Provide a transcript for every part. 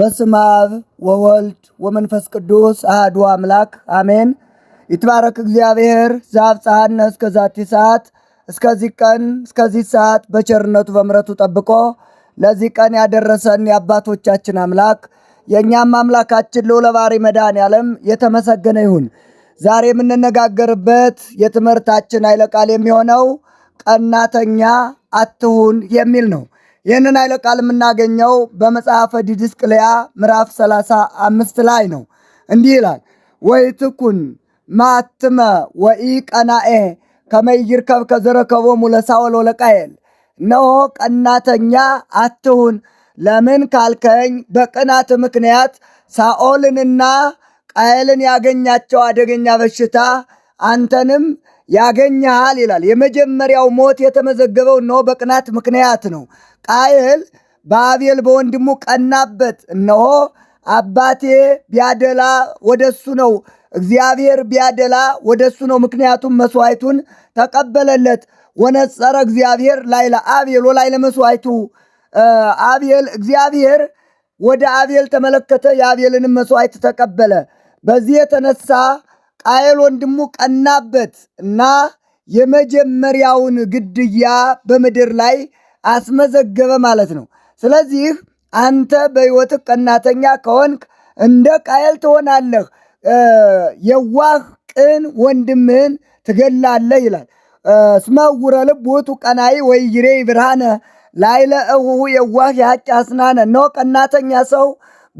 በስመ አብ ወወልድ ወመንፈስ ቅዱስ አህዱ አምላክ አሜን። ይትባረክ እግዚአብሔር ዘአብጽሐነ እስከዛቲ ሰዓት፣ እስከዚህ ቀን እስከዚህ ሰዓት በቸርነቱ በምረቱ ጠብቆ ለዚህ ቀን ያደረሰን የአባቶቻችን አምላክ የእኛም አምላካችን ልዑለ ባሕርይ መድኃኔዓለም የተመሰገነ ይሁን። ዛሬ የምንነጋገርበት የትምህርታችን ኃይለ ቃል የሚሆነው ቀናተኛ አትሁን የሚል ነው። ይህንን ኃይለ ቃል የምናገኘው በመጽሐፈ ዲድስቅልያ ምዕራፍ ሰላሳ ላይ ነው። እንዲህ ይላል ወይትኩን ማትመ ወኢ ቀናኤ ከመይርከብ ከዘረከቦሙ ለሳኦል ወለቃየል ነሆ ቀናተኛ አትሁን። ለምን ካልከኝ በቅናት ምክንያት ሳኦልንና ቃየልን ያገኛቸው አደገኛ በሽታ አንተንም ያገኘሃል ይላል። የመጀመሪያው ሞት የተመዘገበው እነሆ በቅናት ምክንያት ነው። ቃየል በአቤል በወንድሙ ቀናበት። እነሆ አባቴ ቢያደላ ወደሱ ነው፣ እግዚአብሔር ቢያደላ ወደሱ ነው። ምክንያቱም መስዋዕቱን ተቀበለለት። ወነጸረ እግዚአብሔር ላይ ለአቤል ወላይ ለመስዋዕቱ አቤል እግዚአብሔር ወደ አቤል ተመለከተ፣ የአቤልንም መስዋዕት ተቀበለ። በዚህ የተነሳ ቃየል ወንድሙ ቀናበት እና የመጀመሪያውን ግድያ በምድር ላይ አስመዘገበ ማለት ነው። ስለዚህ አንተ በሕይወትህ ቀናተኛ ከሆንክ እንደ ቃየል ትሆናለህ፣ የዋህ ቅን ወንድምህን ትገላለህ ይላል። እስመ ዕውረ ልብ ውእቱ ቀናኢ ወኢይሬ ብርሃነ ላዕለ እሁሁ የዋህ የሐጭ አስናነ። እነሆ ቀናተኛ ሰው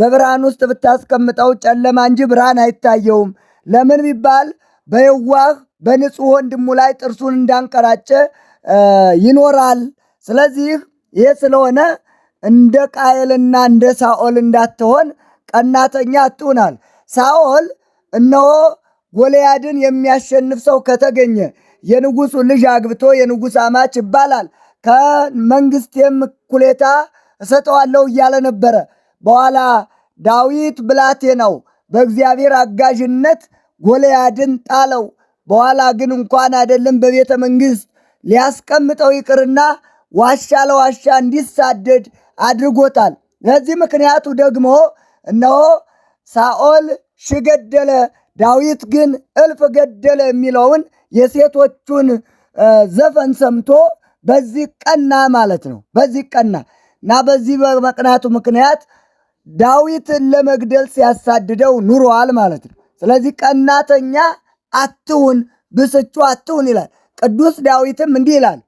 በብርሃን ውስጥ ብታስቀምጠው ጨለማ እንጂ ብርሃን አይታየውም። ለምን ቢባል በየዋህ በንጹሕ ወንድሙ ላይ ጥርሱን እንዳንቀራጨ ይኖራል። ስለዚህ ይህ ስለሆነ እንደ ቃየልና እንደ ሳኦል እንዳትሆን ቀናተኛ አትሁናል። ሳኦል እነሆ ጎልያድን የሚያሸንፍ ሰው ከተገኘ የንጉሱ ልጅ አግብቶ የንጉስ አማች ይባላል ከመንግስት ኩሌታ እሰጠዋለሁ እያለ ነበረ። በኋላ ዳዊት ብላቴ ነው በእግዚአብሔር አጋዥነት ጎልያድን ጣለው። በኋላ ግን እንኳን አይደለም በቤተ መንግስት ሊያስቀምጠው ይቅርና ዋሻ ለዋሻ እንዲሳደድ አድርጎታል። ለዚህ ምክንያቱ ደግሞ እነሆ ሳኦል ሽገደለ ገደለ፣ ዳዊት ግን እልፍ ገደለ የሚለውን የሴቶቹን ዘፈን ሰምቶ በዚህ ቀና ማለት ነው። በዚህ ቀና እና በዚህ በመቅናቱ ምክንያት ዳዊትን ለመግደል ሲያሳድደው ኑሯል ማለት ነው። ስለዚህ ቀናተኛ አትሁን፣ ብስጩ አትሁን ይላል። ቅዱስ ዳዊትም እንዲህ ይላል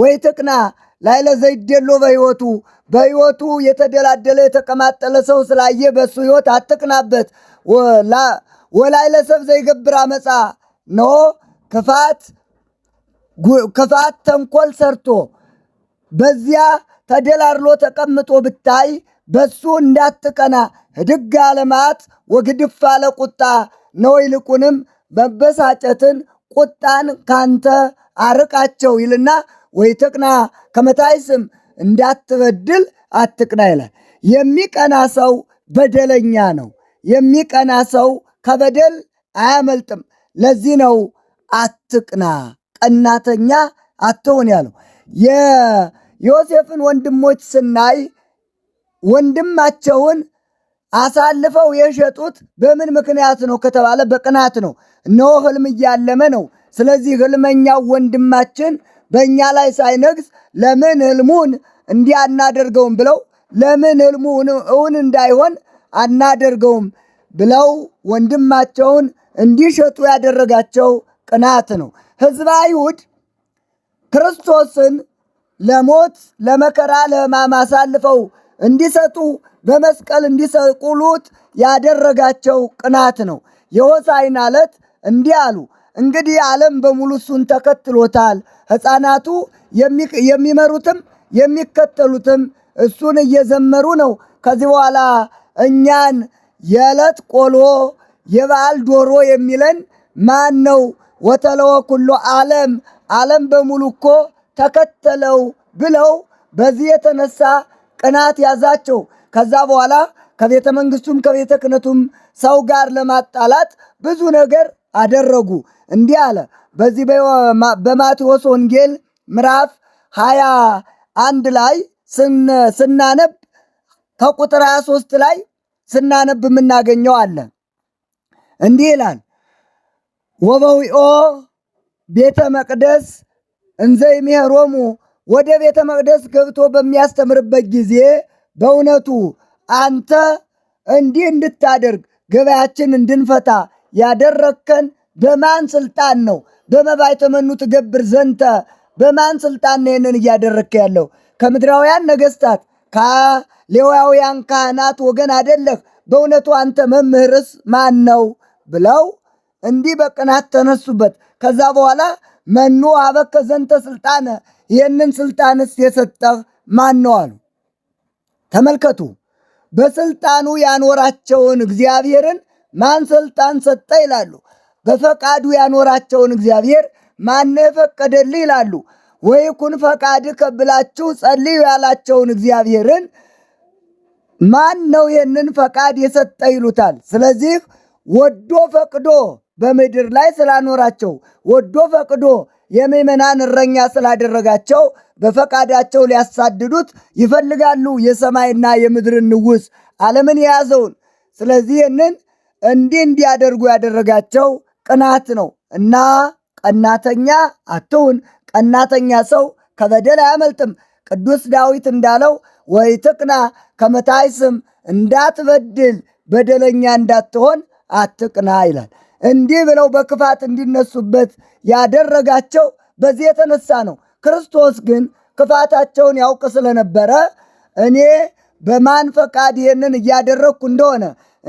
ወይ ትቅና ላይለ ዘይደሎ በሕይወቱ በሕይወቱ የተደላደለ የተቀማጠለ ሰው ስላየ በሱ ሕይወት አትቅናበት። ወላይለ ሰብ ዘይገብር አመፃ ኖ ክፋት ተንኮል ሰርቶ በዚያ ተደላድሎ ተቀምጦ ብታይ በሱ እንዳትቀና። ህድግ አለማት ወግድፍ አለ ቁጣ ነው። ይልቁንም መበሳጨትን ቁጣን ካንተ አርቃቸው ይልና ወይ ወይተቅና ከመታይስም እንዳትበድል አትቅና ይላል። የሚቀና ሰው በደለኛ ነው። የሚቀና ሰው ከበደል አያመልጥም። ለዚህ ነው አትቅና፣ ቀናተኛ አትሆን ያለው። የዮሴፍን ወንድሞች ስናይ ወንድማቸውን አሳልፈው የሸጡት በምን ምክንያት ነው ከተባለ በቅናት ነው። እነሆ ህልም እያለመ ነው። ስለዚህ ህልመኛው ወንድማችን በእኛ ላይ ሳይነግስ ለምን ህልሙን እንዲህ አናደርገውም ብለው ለምን ህልሙ እውን እንዳይሆን አናደርገውም ብለው ወንድማቸውን እንዲሸጡ ያደረጋቸው ቅናት ነው። ህዝበ አይሁድ ክርስቶስን ለሞት ለመከራ፣ ለህማም አሳልፈው እንዲሰጡ በመስቀል እንዲሰቁሉት ያደረጋቸው ቅናት ነው። የሆሳዕና ዕለት እንዲህ አሉ። እንግዲህ ዓለም በሙሉ እሱን ተከትሎታል። ሕፃናቱ የሚመሩትም የሚከተሉትም እሱን እየዘመሩ ነው። ከዚህ በኋላ እኛን የዕለት ቆሎ የበዓል ዶሮ የሚለን ማን ነው? ወተለወ ኩሎ ዓለም ዓለም በሙሉ እኮ ተከተለው ብለው በዚህ የተነሳ ቅናት ያዛቸው። ከዛ በኋላ ከቤተ መንግስቱም ከቤተ ክህነቱም ሰው ጋር ለማጣላት ብዙ ነገር አደረጉ። እንዲህ አለ። በዚህ በማቴዎስ ወንጌል ምዕራፍ ሀያ አንድ ላይ ስናነብ ከቁጥር ሶስት ላይ ስናነብ የምናገኘው አለ። እንዲህ ይላል ወበዊኦ ቤተ መቅደስ እንዘ ሚሄሮሙ ወደ ቤተ መቅደስ ገብቶ በሚያስተምርበት ጊዜ በእውነቱ አንተ እንዲህ እንድታደርግ ገበያችን እንድንፈታ ያደረግከን በማን ስልጣን ነው? በመባይተ መኑ ትገብር ዘንተ በማን ስልጣን ነው ይህንን እያደረግከ ያለው? ከምድራውያን ነገስታት ከሌዋውያን ካህናት ወገን አደለህ? በእውነቱ አንተ መምህርስ ማን ነው ብለው እንዲህ በቅናት ተነሱበት። ከዛ በኋላ መኑ አበከ ዘንተ ስልጣነ፣ ይህንን ስልጣንስ የሰጠህ ማን ነው አሉ። ተመልከቱ፣ በስልጣኑ ያኖራቸውን እግዚአብሔርን ማን ስልጣን ሰጠ ይላሉ። በፈቃዱ ያኖራቸውን እግዚአብሔር ማን የፈቀደልህ ይላሉ። ወይ ኩን ፈቃድ ከብላችሁ ጸልዩ ያላቸውን እግዚአብሔርን ማን ነው ይህንን ፈቃድ የሰጠ ይሉታል። ስለዚህ ወዶ ፈቅዶ በምድር ላይ ስላኖራቸው ወዶ ፈቅዶ የምእመናን እረኛ ስላደረጋቸው በፈቃዳቸው ሊያሳድዱት ይፈልጋሉ። የሰማይና የምድርን ንጉሥ ዓለምን የያዘውን ስለዚህ ይህንን እንዲህ እንዲያደርጉ ያደረጋቸው ቅናት ነው እና ቀናተኛ አትሁን። ቀናተኛ ሰው ከበደል አያመልጥም። ቅዱስ ዳዊት እንዳለው ወይ ትቅና ከመታይ ስም እንዳትበድል በደለኛ እንዳትሆን አትቅና ይላል። እንዲህ ብለው በክፋት እንዲነሱበት ያደረጋቸው በዚህ የተነሳ ነው። ክርስቶስ ግን ክፋታቸውን ያውቅ ስለነበረ እኔ በማን ፈቃድ ይህንን እያደረግኩ እንደሆነ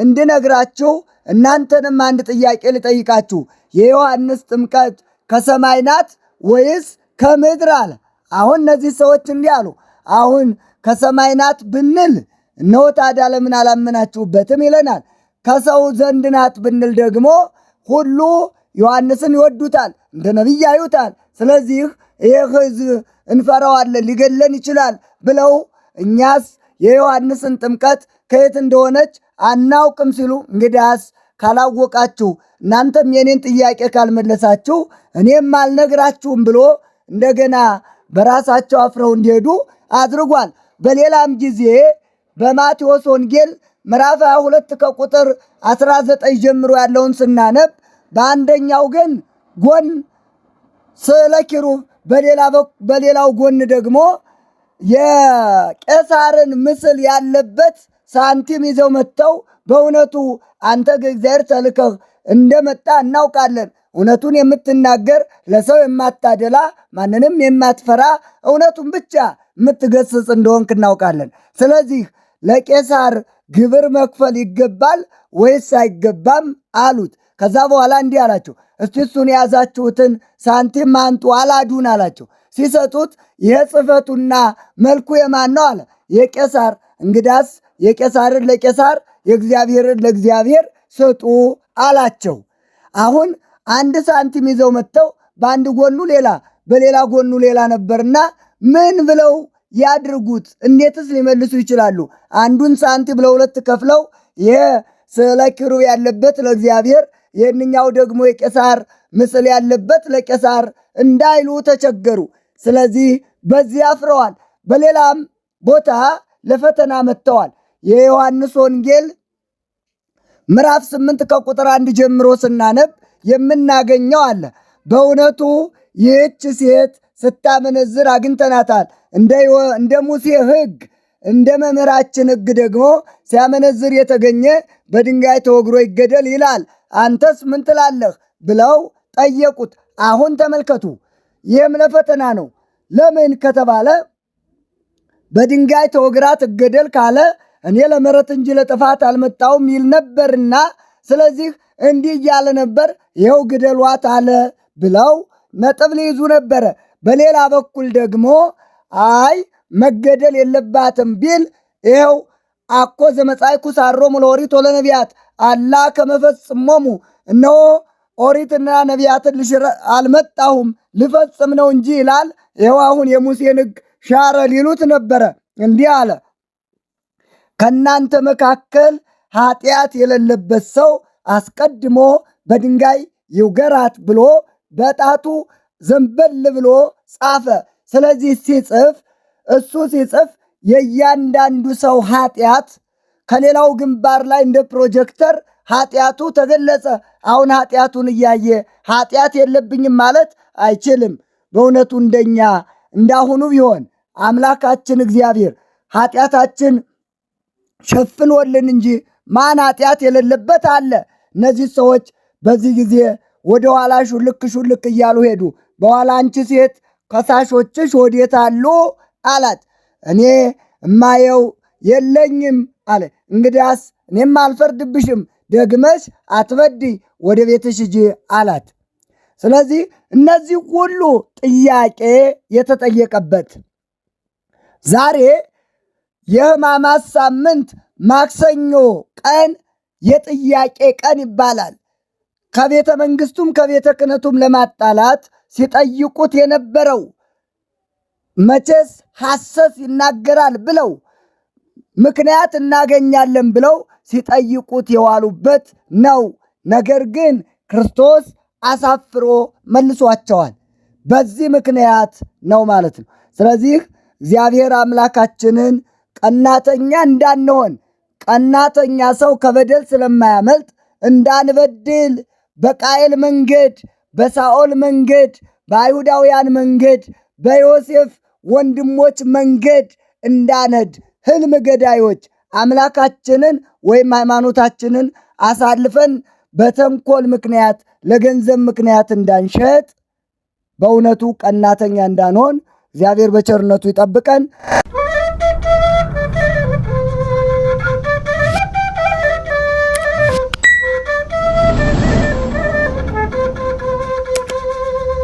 እንድነግራችሁ እናንተንም አንድ ጥያቄ ልጠይቃችሁ። የዮሐንስ ጥምቀት ከሰማይ ናት ወይስ ከምድር አለ። አሁን እነዚህ ሰዎች እንዲህ አሉ፣ አሁን ከሰማይ ናት ብንል እነሆ ታዲያ ለምን አላመናችሁበትም ይለናል። ከሰው ዘንድ ናት ብንል ደግሞ ሁሉ ዮሐንስን ይወዱታል፣ እንደ ነቢይ ያዩታል። ስለዚህ ይህ ሕዝብ እንፈራዋለን፣ ሊገለን ይችላል ብለው እኛስ የዮሐንስን ጥምቀት ከየት እንደሆነች አናውቅም ሲሉ እንግዲያስ ካላወቃችሁ እናንተም የኔን ጥያቄ ካልመለሳችሁ እኔም አልነግራችሁም ብሎ እንደገና በራሳቸው አፍረው እንዲሄዱ አድርጓል። በሌላም ጊዜ በማቴዎስ ወንጌል ምዕራፍ 22 ከቁጥር 19 ጀምሮ ያለውን ስናነብ በአንደኛው ግን ጎን ስለ ኪሩብ በሌላው ጎን ደግሞ የቄሳርን ምስል ያለበት ሳንቲም ይዘው መጥተው በእውነቱ አንተ ከእግዚአብሔር ተልከህ እንደመጣ እናውቃለን። እውነቱን የምትናገር ለሰው የማታደላ ማንንም የማትፈራ እውነቱን ብቻ የምትገስጽ እንደሆንክ እናውቃለን። ስለዚህ ለቄሳር ግብር መክፈል ይገባል ወይስ አይገባም አሉት። ከዛ በኋላ እንዲህ አላቸው፣ እስቲ እሱን የያዛችሁትን ሳንቲም አንጡ አላዱን አላቸው። ሲሰጡት ይሄ ጽሕፈቱና መልኩ የማን ነው አለ። የቄሳር እንግዳስ የቄሳርን ለቄሳር የእግዚአብሔርን ለእግዚአብሔር ስጡ አላቸው። አሁን አንድ ሳንቲም ይዘው መጥተው በአንድ ጎኑ ሌላ በሌላ ጎኑ ሌላ ነበርና ምን ብለው ያድርጉት? እንዴትስ ሊመልሱ ይችላሉ? አንዱን ሳንቲም ለሁለት ከፍለው ይሄ ስዕለ ኪሩብ ያለበት ለእግዚአብሔር፣ ይህንኛው ደግሞ የቄሳር ምስል ያለበት ለቄሳር እንዳይሉ ተቸገሩ። ስለዚህ በዚህ አፍረዋል። በሌላም ቦታ ለፈተና መጥተዋል። የዮሐንስ ወንጌል ምዕራፍ ስምንት ከቁጥር አንድ ጀምሮ ስናነብ የምናገኘው አለ። በእውነቱ ይህች ሴት ስታመነዝር አግኝተናታል። እንደ ሙሴ ሕግ እንደ መምህራችን ሕግ ደግሞ ሲያመነዝር የተገኘ በድንጋይ ተወግሮ ይገደል ይላል። አንተስ ምን ትላለህ ብለው ጠየቁት። አሁን ተመልከቱ፣ ይህም ለፈተና ነው። ለምን ከተባለ በድንጋይ ተወግራ ትገደል ካለ እኔ ለመረጥ እንጂ ለጥፋት አልመጣውም ይል ነበርና፣ ስለዚህ እንዲህ እያለ ነበር፣ ይኸው ግደሏት አለ ብለው ነጥብ ሊይዙ ነበረ። በሌላ በኩል ደግሞ አይ መገደል የለባትም ቢል ይኸው አኮ ዘመጻእኩ ሣሮሙ ለኦሪት ወለነቢያት አላ ከመፈጽሞሙ እነሆ ኦሪትና ነቢያትን ልሽረ አልመጣሁም ልፈጽም ነው እንጂ ይላል። ይኸው አሁን የሙሴን ሕግ ሻረ ሊሉት ነበረ። እንዲህ አለ ከእናንተ መካከል ኃጢአት የሌለበት ሰው አስቀድሞ በድንጋይ ይውገራት ብሎ በጣቱ ዘንበል ብሎ ጻፈ። ስለዚህ ሲጽፍ እሱ ሲጽፍ የእያንዳንዱ ሰው ኃጢአት ከሌላው ግንባር ላይ እንደ ፕሮጀክተር ኃጢአቱ ተገለጸ። አሁን ኃጢአቱን እያየ ኃጢአት የለብኝም ማለት አይችልም። በእውነቱ እንደኛ እንዳሁኑ ቢሆን አምላካችን እግዚአብሔር ኃጢአታችን ሸፍኖልን እንጂ ማን ኃጢአት የሌለበት አለ? እነዚህ ሰዎች በዚህ ጊዜ ወደ ኋላ ሹልክ ሹልክ እያሉ ሄዱ። በኋላ አንቺ ሴት ከሳሾችሽ ወዴት አሉ አላት። እኔ እማየው የለኝም አለ። እንግዲያስ እኔም አልፈርድብሽም፣ ደግመሽ አትበድ ወደ ቤትሽ ሂጂ አላት። ስለዚህ እነዚህ ሁሉ ጥያቄ የተጠየቀበት ዛሬ የሕማማት ሳምንት ማክሰኞ ቀን የጥያቄ ቀን ይባላል። ከቤተ መንግስቱም ከቤተ ክህነቱም ለማጣላት ሲጠይቁት የነበረው መቼስ ሐሰት ይናገራል ብለው ምክንያት እናገኛለን ብለው ሲጠይቁት የዋሉበት ነው። ነገር ግን ክርስቶስ አሳፍሮ መልሷቸዋል። በዚህ ምክንያት ነው ማለት ነው። ስለዚህ እግዚአብሔር አምላካችንን ቀናተኛ እንዳንሆን ቀናተኛ ሰው ከበደል ስለማያመልጥ እንዳንበድል በቃኤል መንገድ፣ በሳኦል መንገድ፣ በአይሁዳውያን መንገድ፣ በዮሴፍ ወንድሞች መንገድ እንዳነድ ህልም ገዳዮች አምላካችንን ወይም ሃይማኖታችንን አሳልፈን በተንኮል ምክንያት ለገንዘብ ምክንያት እንዳንሸጥ በእውነቱ ቀናተኛ እንዳንሆን እግዚአብሔር በቸርነቱ ይጠብቀን።